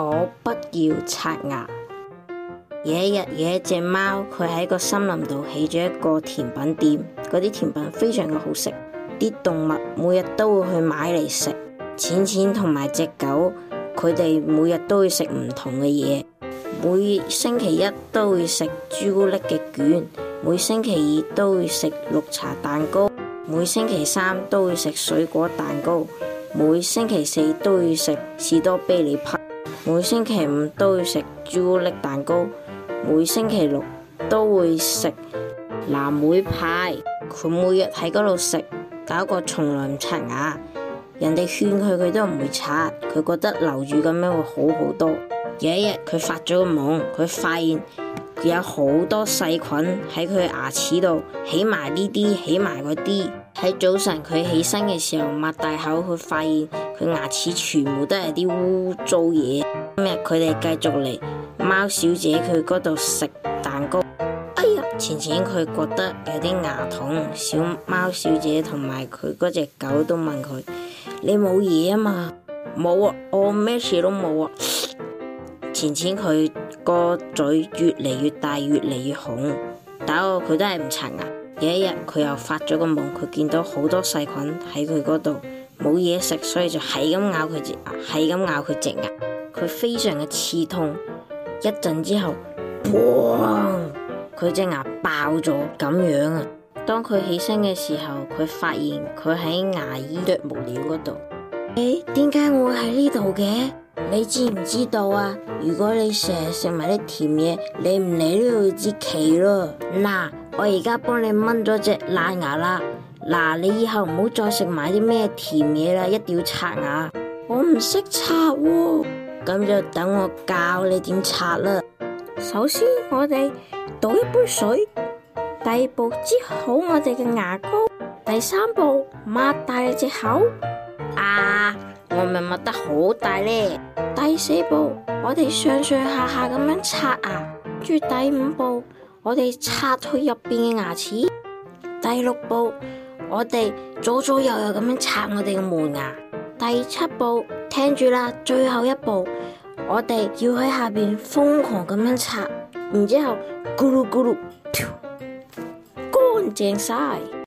我不要刷牙。有一日，有一隻貓，佢喺個森林度起咗一個甜品店，嗰啲甜品非常嘅好食。啲動物每日都會去買嚟食。淺淺同埋隻狗，佢哋每日都會食唔同嘅嘢。每星期一都會食朱古力嘅卷，每星期二都會食綠茶蛋糕，每星期三都會食水果蛋糕，每星期四都會食士多啤梨每星期五都要食朱古力蛋糕，每星期六都會食藍莓派。佢每日喺嗰度食，搞個從來唔刷牙。人哋勸佢，佢都唔會刷，佢覺得留住咁樣會好好多。有一日佢發咗個夢，佢發現佢有好多細菌喺佢牙齒度，起埋呢啲，起埋嗰啲。喺早晨佢起身嘅時候，擘大口佢發現佢牙齒全部都係啲污糟嘢。今日佢哋繼續嚟貓小姐佢嗰度食蛋糕。哎呀，前前佢覺得有啲牙痛，小貓小姐同埋佢嗰隻狗都問佢：你冇嘢啊嘛？冇啊，我咩事都冇啊。 前前佢個嘴越嚟越大，越嚟越紅，但我佢都係唔刷牙。有一日，佢又發咗個夢，佢見到好多細菌喺佢嗰度冇嘢食，所以就係咁咬佢隻牙，係咁咬佢隻牙，佢非常嘅刺痛。一陣之後，砰！佢隻牙爆咗咁樣啊！當佢起身嘅時候，佢發現佢喺牙醫啄木鳥嗰度。誒、欸，點解我會喺呢度嘅？你知唔知道啊？如果你成日食埋啲甜嘢，你唔理都要支企咯。嗱。我而家幫你掹咗隻爛牙啦，嗱、啊、你以後唔好再食埋啲咩甜嘢啦，一定要刷牙。我唔識刷喎。咁就等我教你點刷啦。首先我哋倒一杯水，第二步擠好我哋嘅牙膏，第三步擘大隻口。啊我咪擘得好大咧。第四步我哋上上下下咁樣刷牙，跟住第五步。我哋刷去入面嘅牙齒，第六步，我哋左左右右咁樣刷我哋嘅門牙，第七步，聽住啦，最後一步，我哋要喺下面瘋狂咁樣刷，然之後咕嚕咕嚕，乾淨晒。